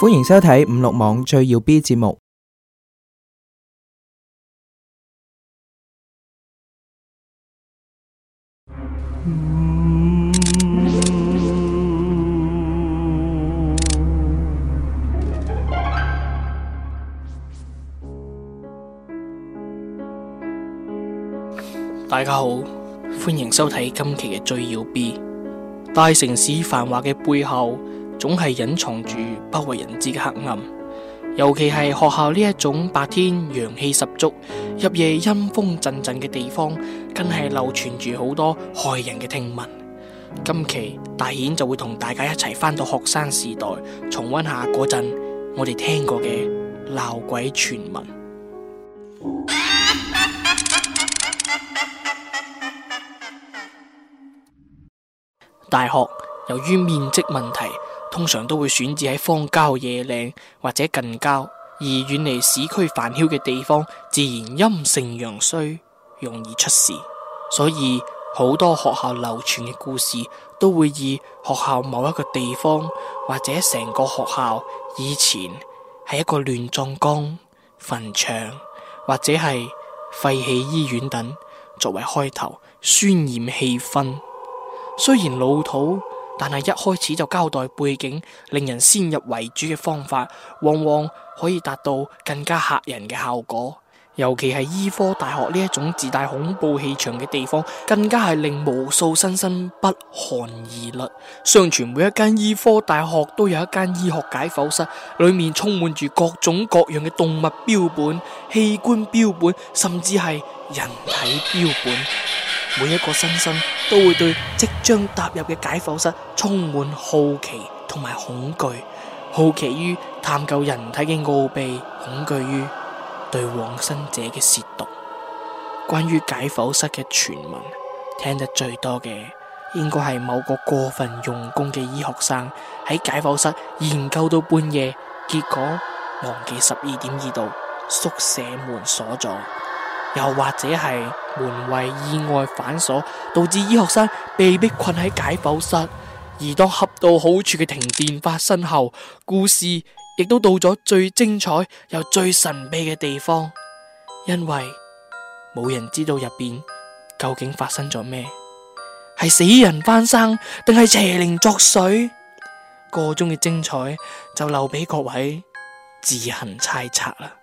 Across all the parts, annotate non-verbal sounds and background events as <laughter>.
歡迎收睇五六網最耀 B 節目。 <noise> 大家好，歡迎收睇今期嘅最耀 B。大城市繁華嘅背後，總係隱藏住不為人知嘅黑暗。尤其係學校呢一種白天陽氣十足、入夜陰風陣陣嘅地方，更係流傳住好多駭人嘅聽聞。今期大顯就會同大家一齊返到學生時代，重溫下嗰陣我哋聽過嘅鬧鬼傳聞。大學由於面積問題，通常都會選址喺荒郊野嶺或者近郊，而遠離市區繁囂嘅地方，自然陰盛陽衰，容易出事。所以好多學校流傳嘅故事，都會以學校某一個地方或者成個學校以前係一個亂葬崗、墳場或者係廢棄醫院等作為開頭，渲染氣氛。雖然老土，但係一開始就交代背景，令人先入為主嘅方法，往往可以達到更加嚇人嘅效果。尤其係醫科大學呢一種自帶恐怖氣場嘅地方，更加係令無數新生不寒而栗。相傳每一間醫科大學都有一間醫學解剖室，裏面充滿住各種各樣嘅動物標本、器官標本，甚至係人體標本。每一個新生都會對即將踏入嘅解剖室充滿好奇同埋恐懼，好奇於探究人體嘅奧秘，恐懼於對往生者嘅褻瀆。關於解剖室嘅傳聞，聽得最多嘅應該係某個過分用功嘅醫學生喺解剖室研究到半夜，結果忘記十二點二度宿舍門鎖咗。又或者係門衛意外反鎖，導致醫學生被迫困喺解剖室；而當恰到好處嘅停電發生後，故事亦都到咗最精彩又最神秘嘅地方，因為冇人知道入邊究竟發生咗咩，係死人翻生定係邪靈作祟？個中嘅精彩就留俾各位自行猜測啦。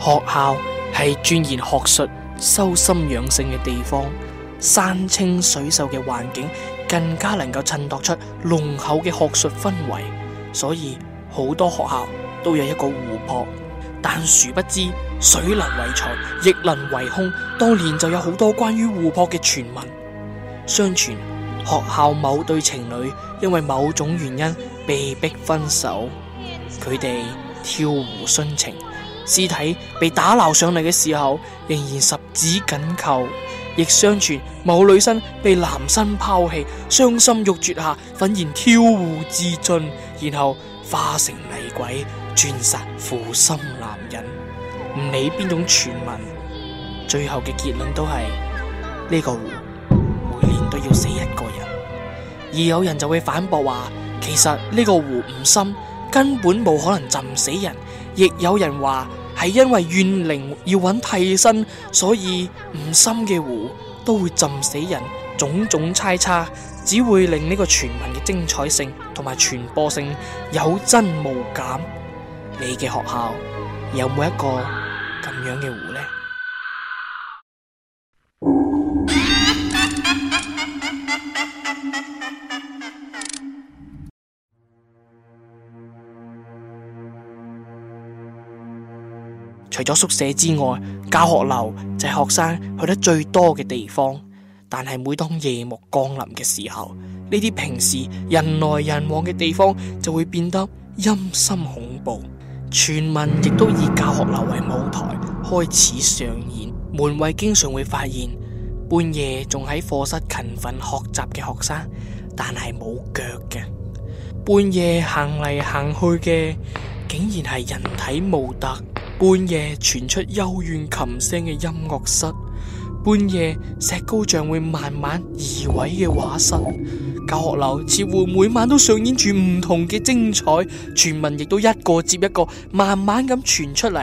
學校係鑽研學術、修心養性嘅地方，山清水秀嘅環境更加能夠襯托出濃厚嘅學術氛圍，所以好多學校都有一個湖泊。但殊不知，水能為財，亦能為空。當年就有好多關於湖泊嘅傳聞。相傳，學校某對情侶因為某種原因被逼分手。佢哋跳湖殉情，屍體被打撈上嚟嘅時候，仍然十指緊扣；亦相傳某女生被男生拋棄，傷心欲絕下，憤然跳湖自盡，然後化成厲鬼，專殺負心男人。唔理邊種傳聞，最後嘅結論都係呢個湖每年都要死一個人。而有人就會反駁話，其實呢個湖唔深。根本冇可能浸死人，亦有人話係因為怨靈要揾替身，所以唔深嘅湖都會浸死人。種種猜測只會令呢個傳聞嘅精彩性同埋傳播性有增無減。你嘅學校有冇一個咁樣嘅湖呢？除咗宿舍之外，教學樓就係學生去得最多嘅地方。但係每當夜幕降臨嘅時候，呢啲平時人來人往嘅地方就會變得陰森恐怖。傳聞亦都以教學樓為舞台開始上演。門衛經常會發現半夜仲喺課室勤奮學習嘅學生，但係冇腳嘅。半夜行嚟行去嘅，竟然係人體模特。半夜傳出幽怨琴聲嘅音樂室，半夜石膏像會慢慢移位嘅畫室，教學樓似乎每晚都上演住唔同嘅精彩，傳聞亦都一個接一個慢慢咁傳出嚟。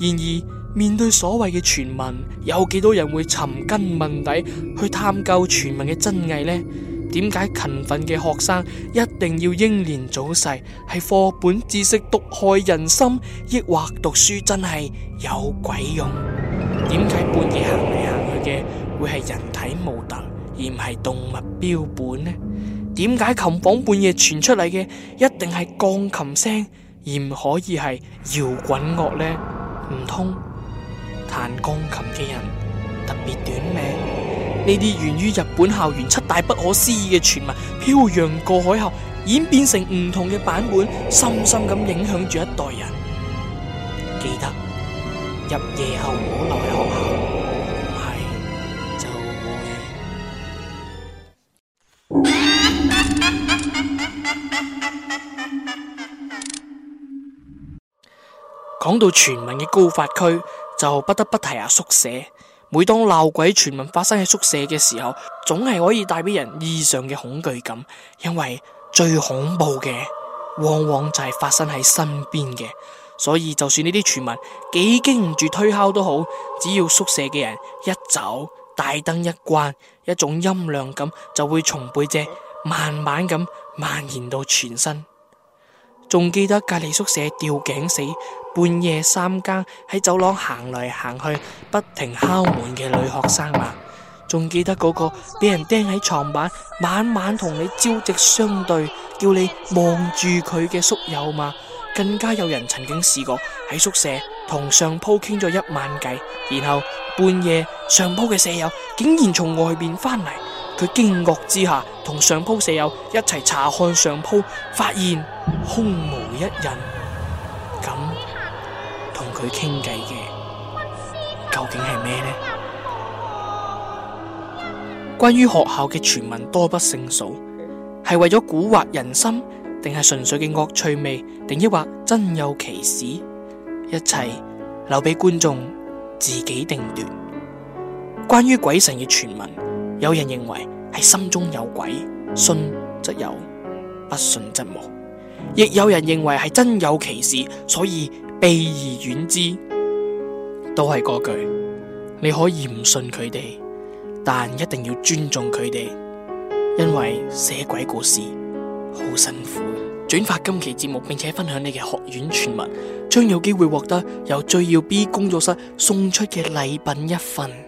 然而面對所謂嘅傳聞，有幾多人會尋根問底去探究傳聞嘅真偽呢？點解勤奮嘅學生一定要英年早逝？係課本知識毒害人心，抑或讀書真係有鬼用？點解半夜行嚟行去嘅會係人體模特，而唔係動物標本呢？點解琴房半夜傳出嚟嘅一定係鋼琴聲，而唔可以係搖滾樂呢？唔通彈鋼琴嘅人特別短命？呢啲源於日本校園七大不可思議嘅傳聞，漂洋過海後演變成唔同嘅版本，深深咁影響住一代人。記得入夜後唔好留喺學校，係就會。講到傳聞嘅高發區，就不得不提下宿舍。每當鬧鬼傳聞發生喺宿舍嘅時候，總係可以帶畀人異常嘅恐懼感，因為最恐怖嘅往往就係發生喺身邊嘅。所以就算呢啲傳聞幾經唔住推敲都好，只要宿舍嘅人一走，大燈一關，一種陰涼感就會從背脊慢慢咁蔓延到全身。仲記得隔籬宿舍吊頸死、半夜三更喺走廊行嚟行去、不停敲門嘅女學生嗎？仲記得嗰個俾人釘喺床板、晚晚同你朝夕相對、叫你望住佢嘅宿友嗎？更加有人曾經試過喺宿舍同上鋪傾咗一晚偈，然後半夜上鋪嘅舍友竟然從外面返嚟。佢驚愕之下，同上鋪舍友一齊查看上鋪，發現空無一人。咁同佢傾偈嘅，究竟係咩呢？關於學校嘅傳聞多不勝數，係為咗蠱惑人心，定係純粹嘅惡趣味，定抑或真有其事？一切留俾觀眾自己定奪。關於鬼神嘅傳聞。有人認為係心中有鬼，信則有，不信則無；亦有人認為係真有其事，所以避而遠之。都係嗰句，你可以唔信佢哋，但一定要尊重佢哋，因為寫鬼故事好辛苦。轉發今期節目，並且分享你嘅學院傳聞，將有機會獲得由最耀 B 工作室送出嘅禮品一份。